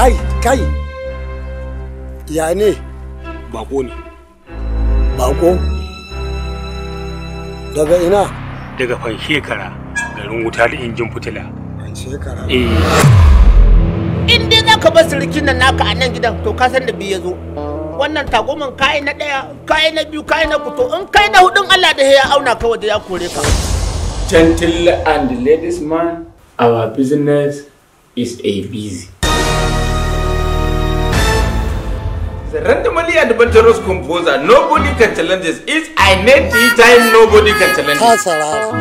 kai kai ya ne bako ne bako daga ina daga fan shekara garin wuta da injin fitila fan shekara eh in dai zaka bar sirikin nan naka a nan gidan to ka san da bi ya zo wannan tagoman kai na ɗaya kai na biyu kai na to in kai na hudun Allah da ya auna ka da ya kore ka. Gentle and ladies man, our business is a busy. The randomly adventurous composer, nobody can challenge this. It's I need time, nobody can challenge this.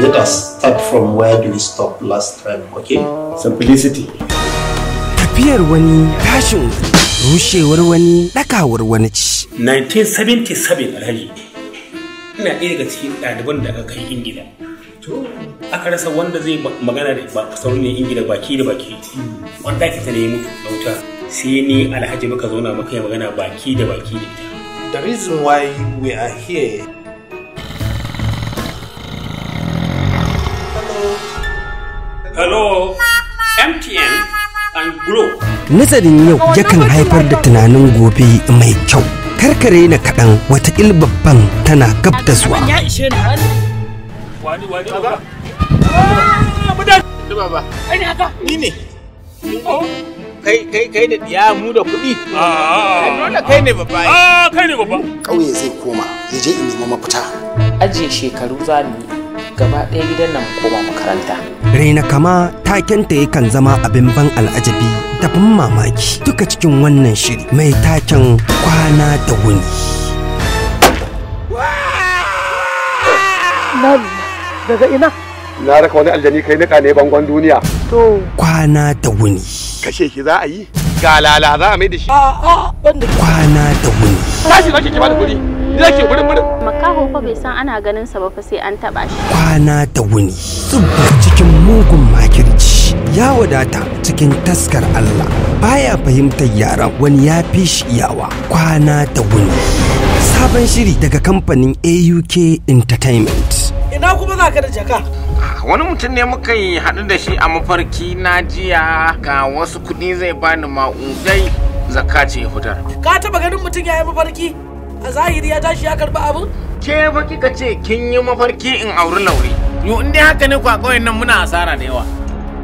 Let us start from where we stop last time, okay? Simplicity. Tafiyar wani Rushe rushewar wani dakawar wani ci. 1977 alhaji ina ɗaya daga cikin ɗaliban da aka kai ingila aka rasa wanda zai magana da saurin ingila baki da baki wanda ake ta ne mutu da wuta sai ni alhaji muka zauna muka yi magana baki da baki da ita the reason why we are here hello mtn and glow nazarin yau yakan haifar da tunanin gobe mai kyau karkare na kaɗan wata babban tana gab da zuwa wani wani ah, ba ni ne oh. kai kai kai da diya mu da kuɗi ah, ah, ah. dole kai ne babba a kai ne babba ƙauye zai koma ya je in nemi mafita ajiye shekaru za mu yi gaba ɗaya gidan nan koma makaranta raina kama takenta yakan zama abin ban al'ajabi da ban mamaki duka cikin wannan shiri mai taken kwana da wuni daga ina na raka wani aljani kai nika ne bangon duniya to kwana da wuni kashe shi za a yi ga lala za a mai da shi kwana da wuni tashi zaki ki bada kuɗi ke burin burin makaho fa bai san ana ganin sa ba fa sai an taba shi kwana da wuni zubba cikin mugun makirci ya wadata cikin taskar Allah baya fahimtar yaran wani ya fi shi iyawa kwana da wuni sabon shiri daga kamfanin AUK Entertainment ina kuma za ka da jaka wani mutum ne muka yi haɗu da shi a mafarki na jiya ga wasu kuɗi zai bani ma'udai zakka ce fitar ka taba ganin mutum ya yi mafarki a zahiri ya tashi ya karɓi abin ke baki kika ce kin yi mafarki in auri laure yo in dai haka ne kwa kawai nan muna asara da yawa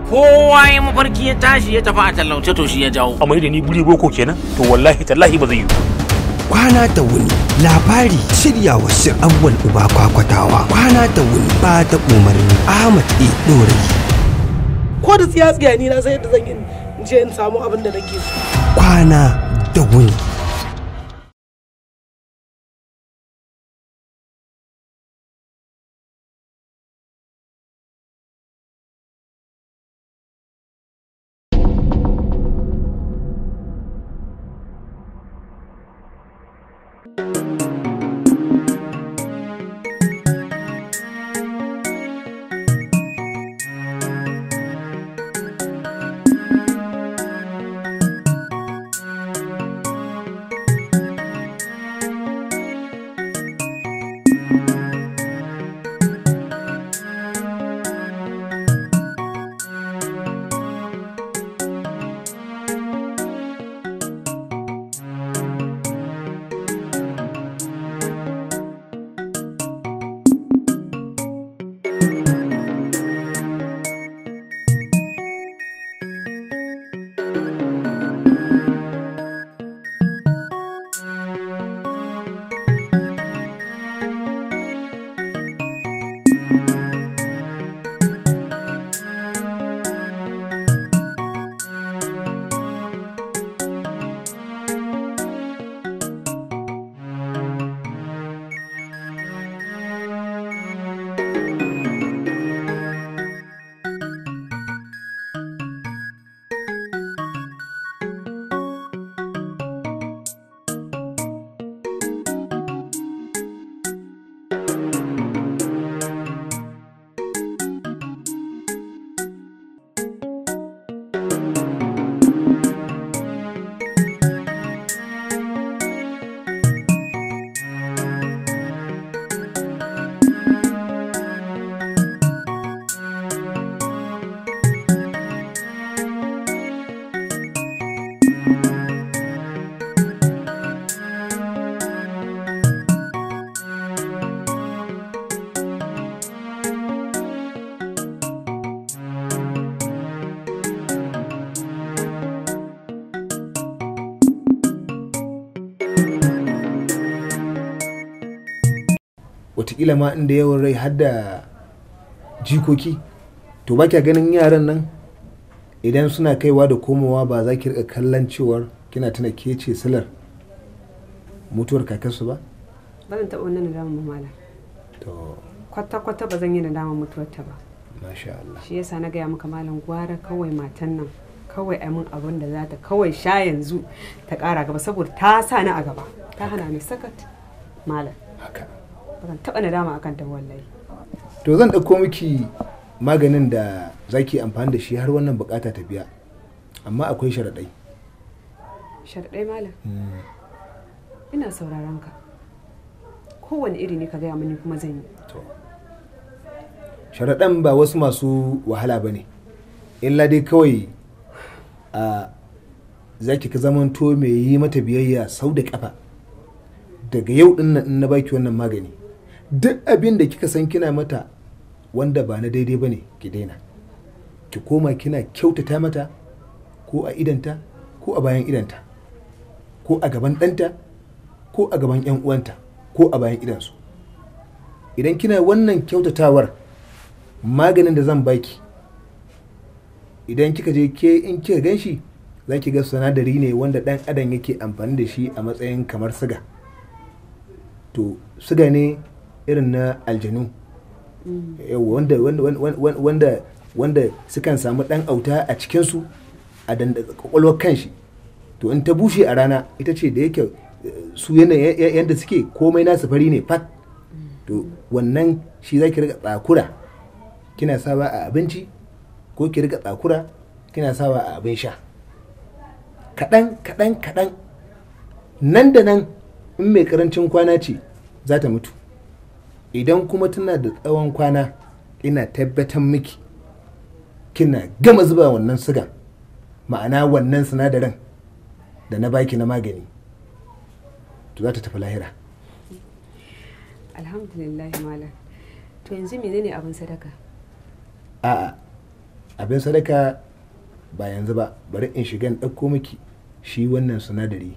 kowa ya mafarki ya tashi ya tafi a tallauce to shi ya jawo a mai da ni buri boko kenan to wallahi tallahi ba zai yi kwana da wuni labari shiryawa sir awwal uba kwakwatawa kwana da wuni ba ta umarni ahmad e dori ko da tsiya tsiya ni na sai da zan yi je in samu abin da nake so kwana da wuni watakila ma inda yawan rai har da jikoki to ba kya ganin yaran nan idan suna kaiwa da komowa ba za ki rika kallon cewar kina tuna ke ce silar mutuwar kakarsu ba ba zan taɓa wannan nadama mamala kwata-kwata ba zan yi nadama mutuwarta ba masha shi yasa na gaya maka malam gwara kawai matan nan kawai a min abin da za ta kawai sha yanzu ta kara gaba saboda ta sa ni a gaba ta hana ni sakat malam ban taɓa na dama akan ta wallahi to zan ɗauko miki maganin da zaki amfani da shi har wannan bukata ta biya amma akwai sharaɗai sharaɗai malam hmm. ina sauraron ka kowane iri ne ka gaya mini kuma zan yi To. sharaɗan ba wasu masu wahala ba ne illa dai kawai a zaki ka zaman to mai yi mata biyayya sau da ƙafa daga yau ɗin na baki wannan magani duk abin da kika san kina mata wanda ba na daidai ba ne ki daina ki koma kina kyautata mata ko a idanta ko a bayan idanta ko a gaban ɗanta ko a gaban 'yan uwanta ko a bayan idansu idan kina wannan kyautatawar maganin da zan baki idan kika je ke in kika ganshi shi za ki ga sinadari ne wanda ɗan adam yake amfani da shi a matsayin kamar siga to siga ne irin na aljanu eh, wanda su kan samu dan auta a cikinsu a kwakwalwar kanshi to in ta bushe a rana ita ce da yake eh, su yadda suke komai nasu fari ne fat to wannan shi za ki riga tsakura kina saba a abinci ko ki riga tsakura kina saba a abin sha kaɗan kaɗan kaɗan nan da nan in mai karancin kwana ce za ta mutu idan kuma tana da tsawon kwana ina tabbatar miki kina gama zuba wannan suga ma'ana wannan sinadarin da na baki na magani to za ta tafi lahira alhamdulillah malam to yanzu me ne abin sadaka a'a abin sadaka ba yanzu ba bari in shiga ɗauko miki shi wannan sinadari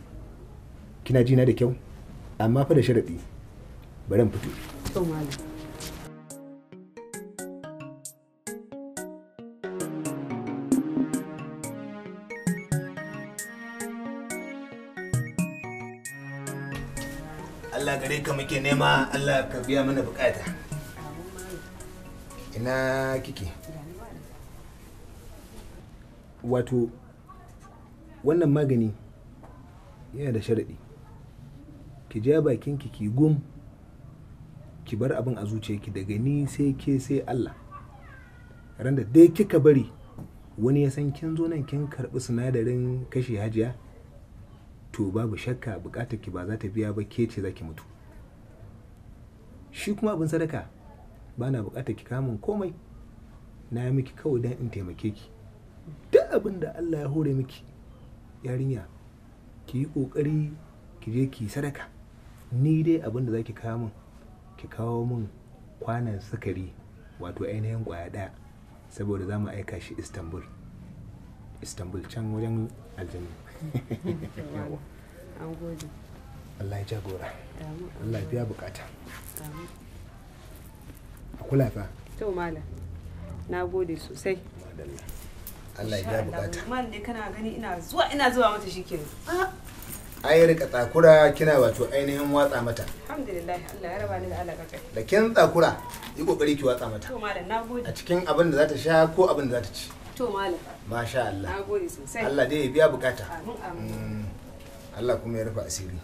kina jina da kyau amma fa da sharaɗi bari in fito son wani Allah gare ka muke nema Allah ka biya mana bukata ina kike wato wannan magani yana da sharaɗi ki ja bakinki ki gum ki bar abin a zuciyarki daga ni sai ke sai Allah ran da dai kika bari wani ya san kin zo nan kin karɓi sinadarin kashe hajiya to babu shakka bukatar ki ba za ta biya ba ke ce za mutu shi kuma abin sadaka ba na buƙatar ki kamun komai na yi miki kawai don in taimake ki duk abin da Allah ya hore miki yarinya ki yi ƙoƙari ki je ki sadaka ni dai abin da zaki ki kamun ki kawo min kwanan sukari wato ainihin kwaya daya saboda za mu aika shi istanbul istanbul can wajen aljanu Allah ya jagora Allah ya biya bukata a kula fa to mala na gode sosai Allah ya biya bukata malam dai kana gani ina zuwa ina zuwa mata shikenan ai rika takura kina wato ainihin watsa mata alhamdulillah Allah ya raba ni da da kin tsakura yi kokari ki watsa mata to malam a cikin abin da za ta sha ko abin da za ta ci to malam masha Allah sosai Allah dai ya biya bukata amin mm. Allah kuma ya rufa asiri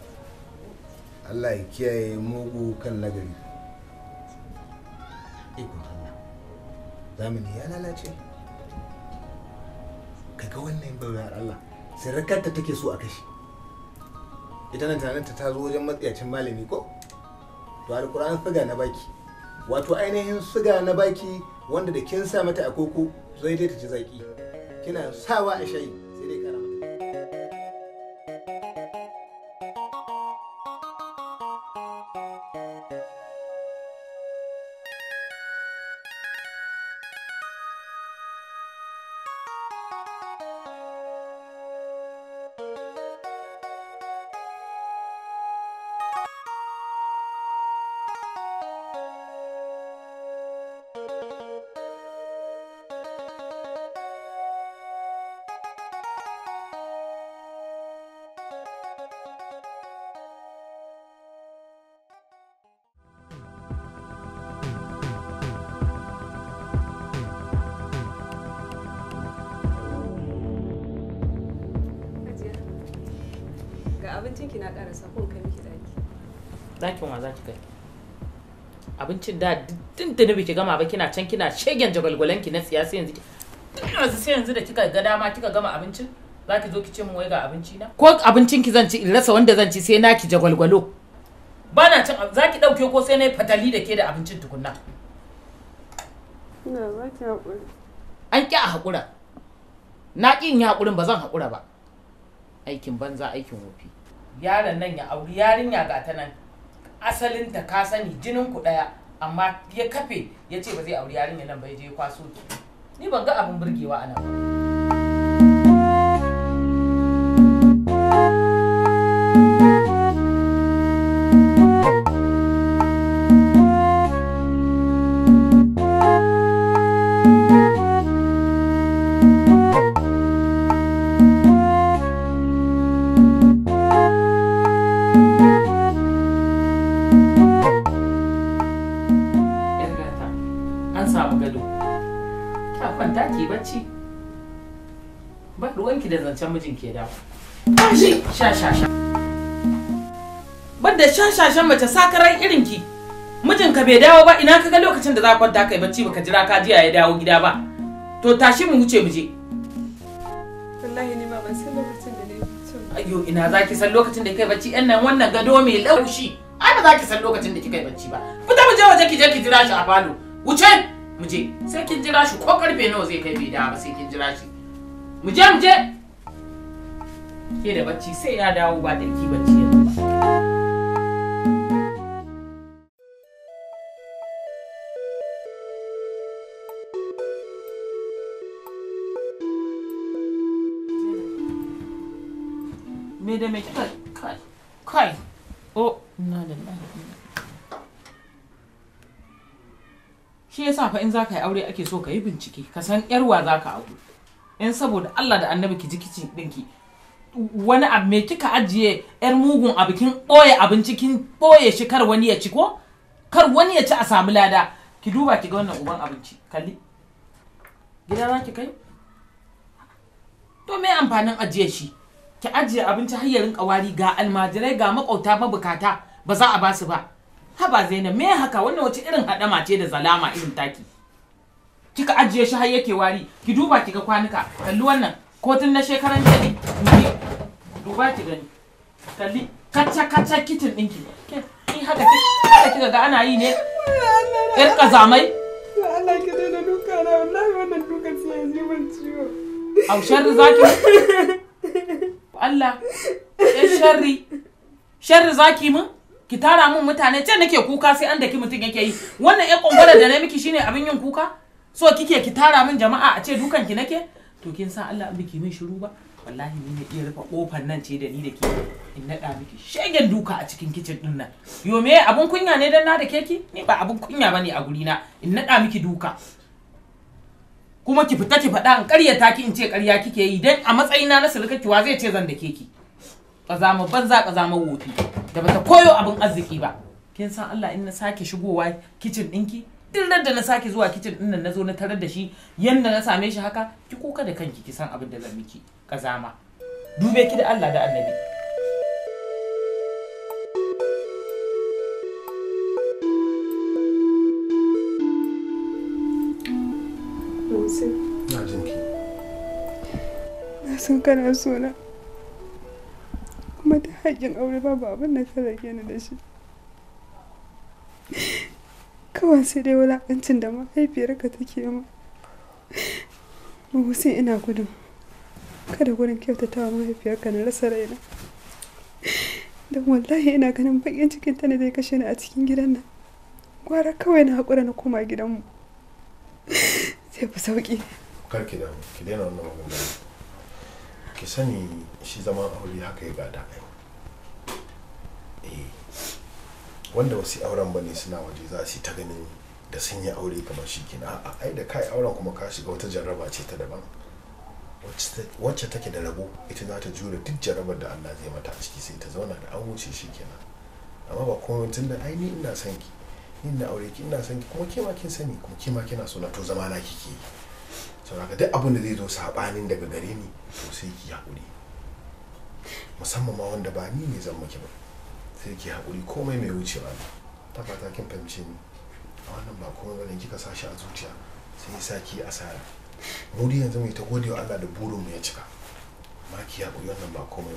Allah ya kiyaye mugu kan nagari ikon Allah zamani ya lalace kaga wannan bauyar Allah sirrikarta take so a kashi ita nan tunaninta ta zo wajen matsiyacin malami ko to alkur'an siga na baki wato ainihin siga na baki wanda da kin sa mata a koko zai dai ta ji zaki kina sawa a shayi na karasa kun kai miki daki dakin wa zaki kai abincin da tuntuni biki gama ba kina can kina shegen jagwalgwalen ki na siyasa yanzu yanzu sai yanzu da kika ga dama kika gama abincin za ki zo ki ce mun wai ga abinci na ko abincin ki zan ci in rasa wanda zan ci sai na ki jagwalgwalo bana na cin za ki dauke ko sai na yi fatali da ke da abincin tukunna an ƙi a haƙura na ƙin haƙurin ba zan haƙura ba aikin banza aikin wofi yaron nan ya auri yarinya ga ta nan asalin ta ka sani jinin ku daya amma ya kafe ya ce ba zai auri yarinya nan ba ya je kwaso ni ban ga abin burgewa a nan ba zancen mijin ke dawo tashi sha sha sha banda sha sha sha mace sakaran irin ki mijinka bai dawo ba ina kaga lokacin da za ka kwanta kai bacci baka jira ka jiya ya dawo gida ba to tashi mu wuce mu je wallahi ni ba ban san lokacin da ne ayo ina za ki san lokacin da kai bacci ɗan nan wannan gado mai laushi ai ba za ki san lokacin da kika yi bacci ba fita mu je waje ki je ki jira shi a falo wuce mu je sai kin jira shi ko karfe nawa zai kai bai dawo ba sai kin jira shi mu je mu je ke da bacci sai ya dawo ba da ki bacci yanzu ba me da me kika kai kai oh na da shi yasa fa in zaka yi aure ake so ka yi bincike ka san yarwa ka aure in saboda Allah da Annabi ki ji kicin dinki wani abu mai kika ajiye yar mugun abu kin ɓoye abinci kin ɓoye shi kar wani ya ci ko kar wani ya ci a samu lada ki duba ki ga wannan uban abinci kalli gida za ki kai to me amfanin ajiye shi ki ajiye abinci har ya rinka wari ga almajirai ga makauta mabukata ba za a ba su ba haba zainab me haka wannan wace irin hadama ce da zalama irin taki kika ajiye shi har yake wari ki duba ki ga kwanuka kalli wannan kotun na shekaran ne duba ki gani kalli kacca kacca kitin ki ki haka kika ga ana yi ne yar kazamai Allah ki daina duka na wallahi wannan duka sai ya ji mun ciwo au sharri zaki Allah ya sharri sharri zaki mu ki tara mun mutane ce nake kuka sai an daki mutun yake yi wannan ya kongara da na miki shine abin yin kuka so kike ki tara mun jama'a a ce dukan ki nake to kin san Allah in biki min shiru ba wallahi ni ne iya rufe kofar nan ce da ni da ke in naɗa miki shegen duka a cikin kicin din nan yo me abun kunya ne dan na da keki ni ba abun kunya bane a guri na in naɗa miki duka kuma ki fita ki faɗa in ƙaryata ki in ce ƙarya kike yi dan a matsayina na sulka kiwa zai ce zan da keki kazama banza kazama wofi da bata koyo abin arziki ba kin san Allah in na sake shigowa kicin ɗinki duk da na sake zuwa kicin din nan na zo na tarar da shi yanda na same shi haka ki kuka da kanki ki san abin da zan miki kazama dube ki da Allah da Annabi Na san kana na. Kuma ta hakkin aure babu abin da ka rage ni da shi. kawai sai dai wulakancin da mahaifiyarka take ma sai ina gudun kada gudun kyautata wa mahaifiyarka na rasa raina don wallahi ina ganin bakin cikin ta ne zai kashe ni a cikin gidan nan gwara kawai na haƙura na koma gidanmu sai fi sauƙi kar ki damu ki daina wannan magana ki sani shi zama aure haka ya gada wanda wasu auren ba ne suna waje za su yi ta ganin da sun yi aure kamar shi kina a ai da kai auren kuma ka shiga wata jarraba ce ta daban wacce take da rabo ita za ta jure duk jarrabar da Allah zai mata a ciki sai ta zauna da an wuce shi kenan amma ba kuma tun da ai ni ina son ki ina aure ki ina son ki kuma ke ma kin sani kuma ke ma kina so na to zama na kike yi saboda duk abin da zai zo sabanin daga gare ni to sai ki haƙuri musamman ma wanda ba ni ne zan miki ba sai ki haƙuri komai mai wucewa ne ta fata kin fahimce ni a wannan ba komai bane kika sa shi a zuciya sai ya sa ki asara mu dai yanzu mai ta gode wa Allah da burin mu ya cika ma ki haƙuri wannan ba komai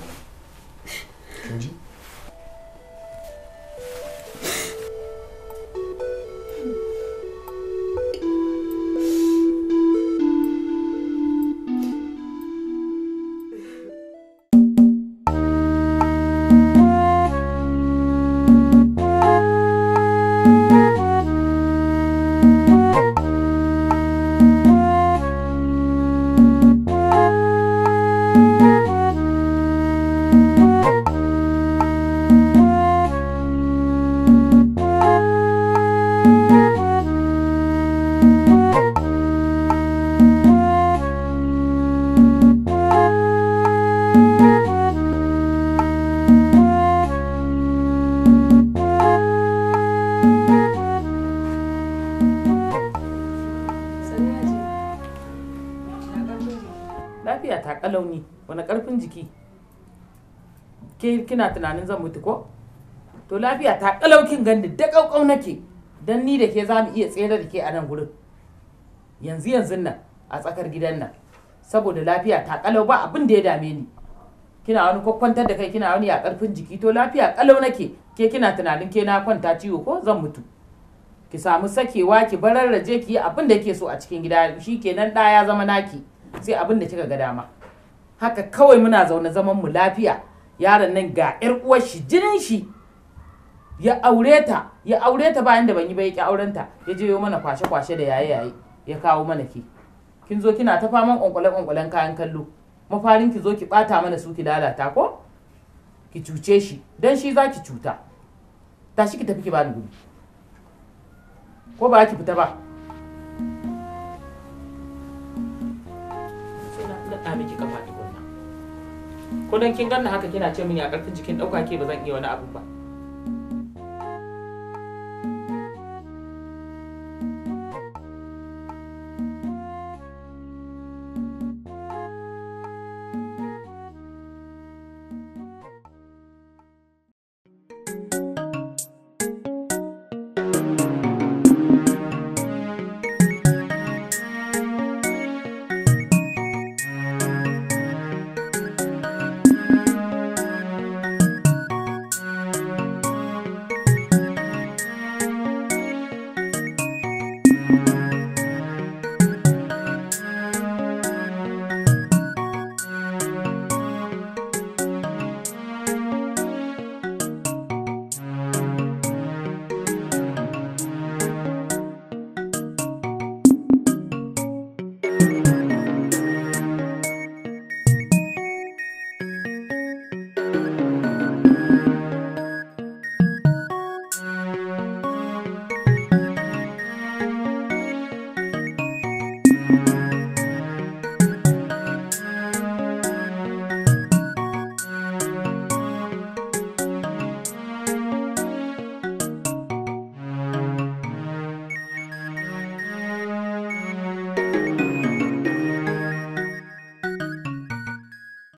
kina tunanin zan mutu ko to lafiya ta kalaukin gandi da kaukau nake dan ni da ke za mu iya tsere da ke a nan gurin yanzu yanzu nan a tsakar gidan nan saboda lafiya ta kalau ba abin da ya dame ni kina wani kwakwantar da kai kina wani ya karfin jiki to lafiya kalau nake ke kina tunanin ke na kwanta ciwo ko zan mutu ki samu sakewa ki bararraje ki yi abin da ke so a cikin gida shi kenan ɗaya ya zama naki sai abin da kika ga dama haka kawai muna zaune zaman mu lafiya yaron nan ga yar uwar shi jinin shi ya aure ta ya aure ta bayan da ban yi ba ya ki auren ta ya je yau mana kwashe kwashe da yaye yaye ya kawo mana ki kin zo kina ta faman kwankwalen kwankwalen kayan kallo mafarin ki zo ki bata mana su ki lalata ko ki cuce shi dan shi za ki cuta tashi ki tafi ki bani gudu ko ba ki fita ba ko dan kin ganna haka kina ce min ya karfin jikin dauka ke ba zan iya wani abu ba